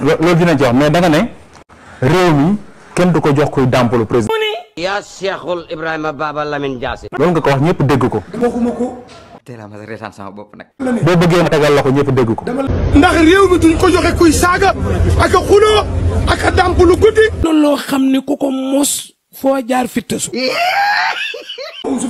loolu dina jox mais danga ne réew mi kenn du ko jox kuy dàmpalu président. yaa Cheikhul Ibrahima Baba Lamine Diassé. loolu nga ko wax ñëpp dégg ko. waxuma ko. tey boo bëggee ma tegal loxo ñëpp dégg ko. ndax réew mi duñ ko joxe kuy saaga ak xuloo ak a guddi. loolu xam ne ku ko mos foo jaar fi tësu. su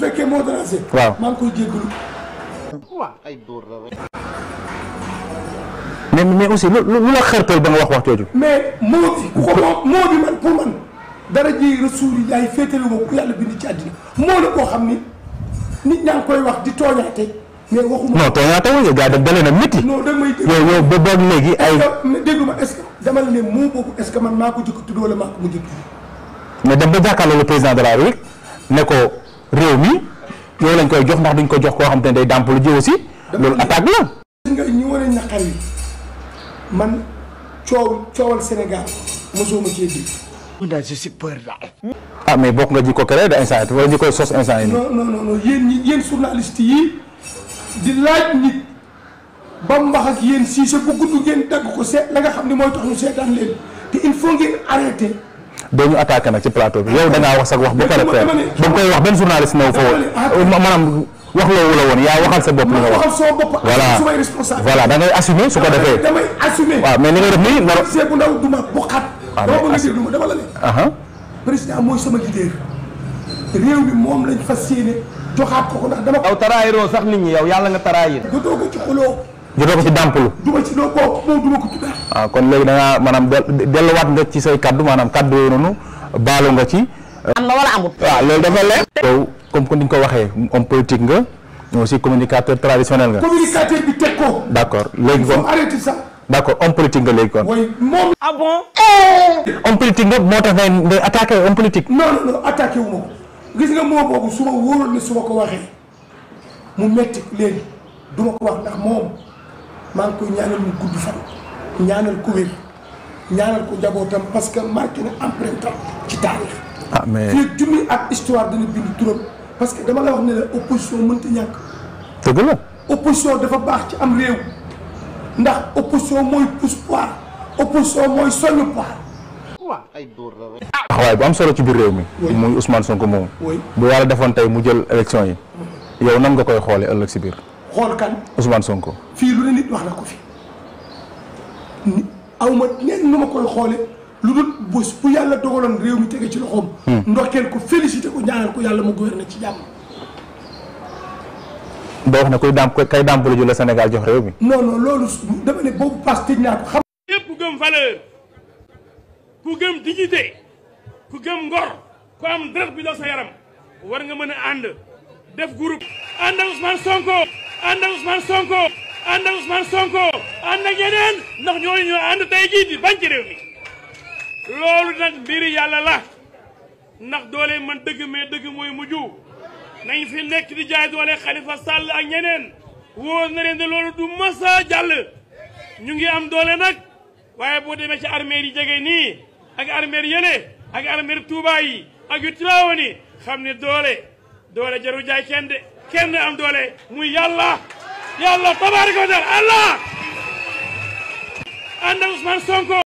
mais mais aussi lu lu la xërtal ba nga wax wax jooju. mais moo fi ku ko moo di man pour man dara ji rasulillahi féetale ma ku yàlla bind ci àddina moo la koo xam ni nit ñaa ngi koy wax di tooñaate mais waxuma. non tooñaate wuñu gars daf dalee na métti. non da may déglu léegi ay. déglu ma ce que dama la ne moo boobu est man maa ko jëkk tudd wala maa ko mujj tudd. mais dem ba jàkkaarloo le président de la ne ko réew mi yow lañ koy jox ndax duñ ko jox koo xam te ne day dàmpalu ji aussi. loolu attaque la. gis nga ñi war a man coow coowal Sénégal mosuma cee dégg. man daal je suis peur daal. ah mais bokk nga ji ko créé da instant wala ko sos instant yi. non non non yéen yi di laaj nit ba mu wax ak yéen si sa bu gudd ngeen dagg ko seet la nga xam ne mooy tax seetaan leen te il faut ngeen arrêté. dañu attaqué nag ci plateau bi yow da wax sax wax bu caractère ba mu koy wax benn journaliste na fa woon ah, wax loowu la woon yaa waxal sa bopp li nga wax waxal sama bopp voilà voilà da ngay su ko defee damay assumer waaw mais li nga def ah, a dir duma dama la ne président mooy taraayiroo sax nit ñi yow yàlla nga taraayir jotoo ko ci xuloo jotoo ko ci dàmpalu duma ko moom duma ko kon léegi da ngaa maanaam delluwaat nga ci say kaddu maanaam kaddu yooyu noonu baalu nga ci am na wala amul waaw ah, loolu dafa leer comme que ni ñu ko waxee homme politique nga. aussi communicateur traditionnel nga. communicateur bi Teko. D'accord. d' accord léegi kon ça. d' homme politique nga léegi kon. oui moom. ah bon. Eh! homme politique nga moo tax ngay attaquer attaqué homme politique. non non non attaqué wu ma ko gis nga moo boobu su ma wóoroon ne su ma ko waxee mu metti léegi du ma ko wax ndax moom maa ngi koy ñaanal mu gudd fan ñaanal ku wér ñaanal ko njabootam parce que marqué na empreinte ci taarix. ah mais fii junni ak histoire dana bind turam. parce que dama la wax ne la opposition mënta ñàkk. dëgg la. opposition dafa baax ci am réew ndax opposition mooy pousse poire opposition mooy soñu poire. waaw ay ah, bu am solo ci biir réew mi. muy Ousmane Sonko moom. bu yàlla defoon tey mu jël élection yi. yow nan nga koy xoolee ëllëg si biir. xool kan Ousmane Sonko. fii lu ne nit wax na ko fi. awma aw nu ma koy xoolee. lu dul bu bu yàlla dogaloon réew mi tege ci loxoom. Hmm. ndokkeel ko félicité ko ñaanal ko yàlla mu gouverner ci jàmm. boo wax ne kuy dàmp kay dàmp la ju Sénégal jox réew mi. non non loolu dama ne boobu pass tëj naa ko xam. yëpp ku gëm valeur ku gëm dignité ku gëm ngor ku am deret bi daw sa yaram war nga mën a ànd def groupe. ànd ak Ousmane Sonko ànd ak Ousmane Sonko ànd ak yeneen ndax ñooñu ñoo ànd tey jii bañ ci réew mi. loolu nag mbiri yàlla la ndax doole man dëgg mais dëgg mooy mujj nañ fi nekk di jaay doole Khalifa Sall ak ñeneen wóor na leen ne loolu du masa jàll ñu ngi am doole nag waaye boo demee ci armée yi jege nii ak armée yële ak armée Touba yi ak yu Tiwaawan yi xam ne doole doole jaru jaay kenn de kenn am doole muy yàlla yàlla tabaaraka wa taala allah ànd Sonko